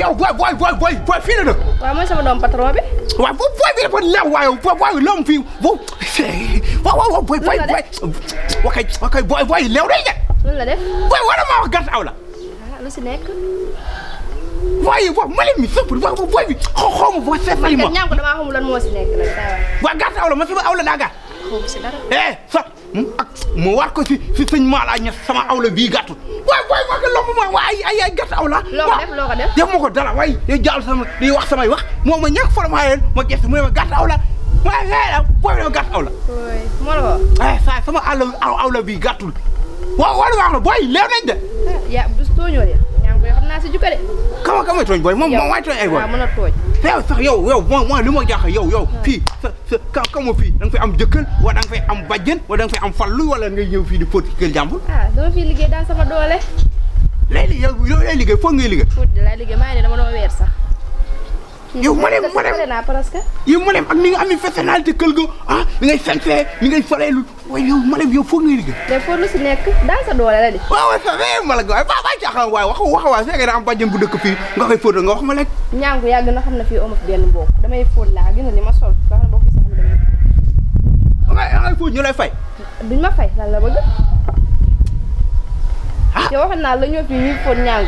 yow booy booy booy booy booy fii la dëkk. waaw mooy sama doom patron bi. waaw booy booy bi dafa leer waaye booy booy bi lom fii bu waaw waaw booy booy booy. wakay wakay booy booy leew day de. loolu la def booy wala maa wax gàtt aw la. ah lu si nekk. waaye booy mali mi sëpp booy booy bi xaw xaw ma booy seetali ma. man kat ñaar ko damaa xamul lan moo si nekk nag saa waay. waaw gàtt aw la man sama aw la daa gàtt. xaw ma si dara. eh sax ak mu war ko si si sëñ Maala Ñas sama aw la bii gàttul. booy booy ma waa ay ay ay gerte aw la. loo ko def loo ko def ma ko dara waaye day jaal sama day wax samay wax moom ma ñàkk forme leen ma gerte mu ne ma la waaye la booy bi gerte aw la. oui moo la ko. Eh, sama àll aw la bii gàttul waaw wala wax na booy leew nañ de. ya tooñoo de yaa ngi naa si jukka de. kama kama tooñ booy moom moom waay tooñ ay booy. waaw mën a tooñ. sax yow yow li ma jaaxal yow yow ah. fii sa sa ka kama fii da nga am jëkkër wala da nga am bajjen wala da nga fay am fallu wala ngay ñëw fii di fóot kër jàmbur. ah dama liggéey daal sama doole. lay li yow yow lay liggéey foog ngay liggéey. foot de laay liggéey maa ma dem ma dem yow ma dem ak nga amee personnalité kër ga ah ni foog ngay liggéey. mais si nekk daal sa doole la de. waaw sa fee eh, dëkk fii ma lekk. ñaanku yàgg xam ne fii amut benn mbokk damay foot ni ma sol nga xam ne boo ko sax damay. da ngay foot ñu lay fay. duñ ma fay lan la bëgg. yow waxoon naa la ñoo fi ñuy fóot ñàng.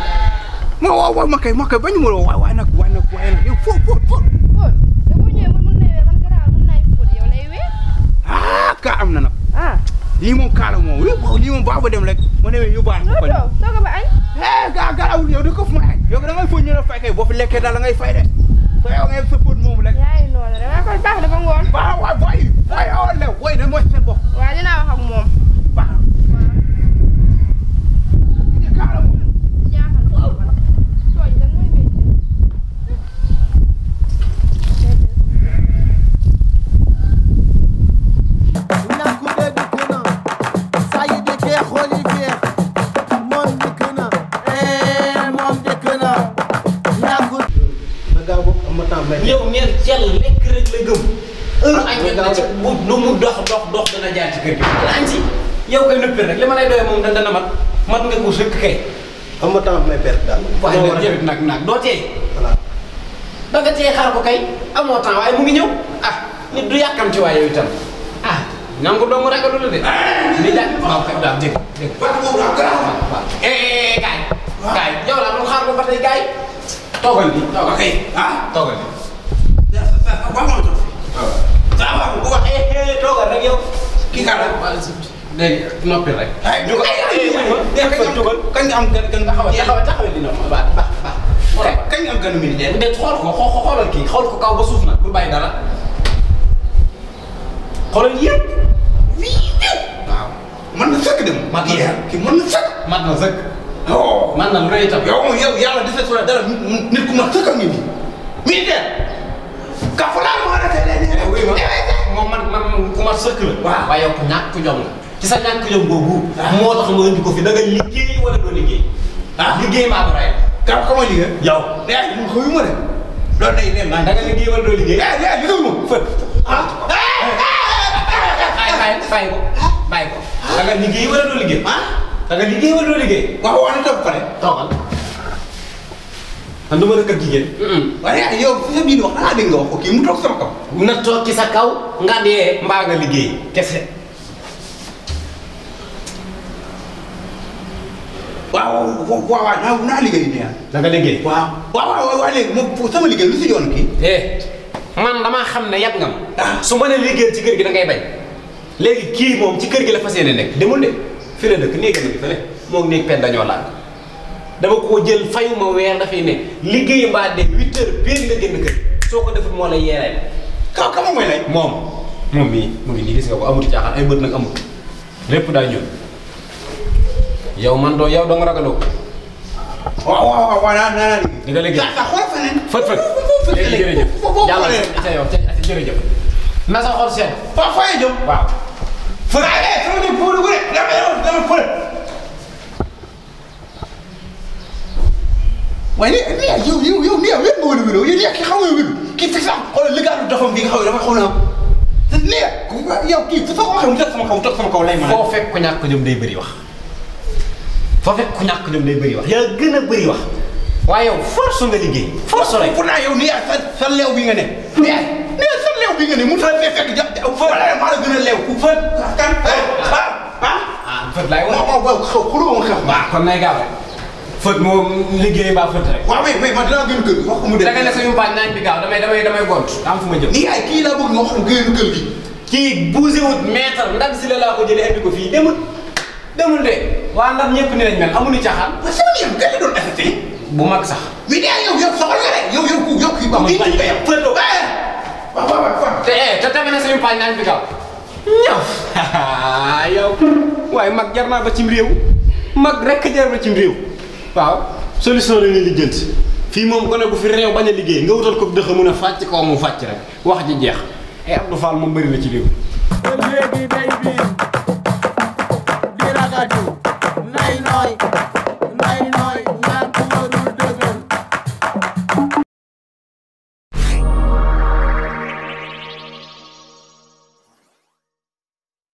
ma waaw waaw ma kay ma kay bañu ma waaw waaye nag waaye nag waaye nag yow fóot fóot fóot. fóot yow bu ñëwee man mën na yowee man garaaw mën naa fóot yow lay wee. ah kaa am na nag. ah lii moom kaa la moom lii moom baax ba dem rek ma ne yu baax. ma toog toog a ba añ. eh gaa garaawul yow da ko fu ma añ. yow da ngay fóot ñu ne fay kay boo fi lekkee daal da ngay fay de. te yow ngay sa fóot moom rek. yaa ngi noonu rek waaw kon baax dafa ngoon. waaw waaw booy yi. waaye awoon na booy yi dañ mooy seen bopp. waaw dinaa wax ak moom ñëw ñeent jàll lekk rek la gëm. Ah, heure añ na ci bu lu mu dox dox dox dana jaar ci kër gi. dana añ si yow kay nëppil rek li ma lay doyee moom dana mat mat nga ko sëkk kay. xam nga temps bi may ko kay amoo temps waaye mu ngi ñëw ah nit du yàkkam ci waaye yow itam ah nangu doomu ragalu la a lii daal kaay. kaay yow daal xaar ko ba tey kaay. toogal bi toogal ah, ah. bi. waaw waaw bu waxee toogal rek yow kii kan la. léegi noppi rek. ay ñu ko ay kañ nga am ka nga xamante ne dina ma baax baax baax. kañ nga am ganu mini jeex. déet xool ko xoolal kii xool ko kaw ba suuf nag bu bàyyi dara xoolal yëpp wii waaw mën na sëkk dem. mat na sëkk kii mën na sëkk. mat na sëkk. waaw man na lu lay itam. yow yow yàlla defee su la dara nit ku ma sëkk a ngi nii. militaire. kafulaar moo la tey wuy ma moom man man ku ma sëkk la. waaw waaye yow ku ñàkk jom la ci sa ñàkk jom boobu. Ah. moo tax ma indi ko fi da nga liggéey wala doo liggéey. ah liggéey maa ko rey. kan ko ma liggéey. yow eh mu xëyu ma de. loolu day dem da nga liggéey wala doo liggéey. eh eh liggéey ma fët. ah bàyyi eh, eh, eh, bàyyi ko bàyyi ko. Ah. da nga liggéey wala doo liggéey. ah da nga liggéey wala doo liggéey. wax wax na toog pare toogal. xam nga la a kër jigéen. waaye yow sa biir wax ah dégg nga wax kii mu toog sama kaw. na toog ci sa kaw nga dee mbaa nga liggéey kese. waaw waaw waaw naa naa liggéey nii ah. na nga liggéey. sama liggéey lu si yoon kii. eh man damaa xam ne yab nga ma. Ah. su ma nee liggéey ci kër gi da ngay bañ. kii moom ci kër gi la fas yéene nekk demul de fii la dëkk néegam gi fële moom néeg pen dañoo laal. dama koo jël fayuma weer dafay ne liggéey mbaa de huit heures biir nga génn kër soo ko defut moo lay yeeree kaw kama mooy lay moom moom mii mu ngi nii gis nga ko amut caaxaan ay bët nag amut lépp doo yow da nga ragaloo waaw fët fët léegi jërëjëf jàllale ca yow ca jërëjëf na sa xol waaye nii yow yow yow nii wér nga wér wér yow nii kii xam nga wér kii fii sax xoolal lëkkaaru dafam bi nga xam ne dafay xoolal nii yow kii soo ko waxee mu toog sama kaw toog sama kaw lay mën a. foo fekk ku ñàkk ñoom day bëri wax foo fekk ku ñàkk ñoom day bëri wax yaa gën a bëri wax waaye yow force nga liggéey. force rek pour naa yow nii sa sa leew bi nga ne. nii nii sa leew bi nga ne mu fa fekk ja wala maa la gën a leew ku fa kan ah ah ah. ah, ah. kon nay gaaw rek fët moo ba fët rek. waaw oui oui man dinaa gën kër gi wax ko mu dem. ne suñu baañ bi gaaw si la ko jëlee indi ko fii de waa ndax ñëpp ni lañ mel amuñu caaxaan. waaw sama bu mag sax. mais nee yow yow soxla nga rek yow yow ku yow kii baax. kii kii mag jar naa ba cim réew mag rek jar ba cim waaw solution la ñuy lijjanti fii moom ko ne bu fi réew bañ a liggéey nga wutal ko dëx a mën a fàcc kaw mu fàcc rek wax ji jeex ay eh, Abdou Fall moom bëri na ci réew. léegi day biir di ragal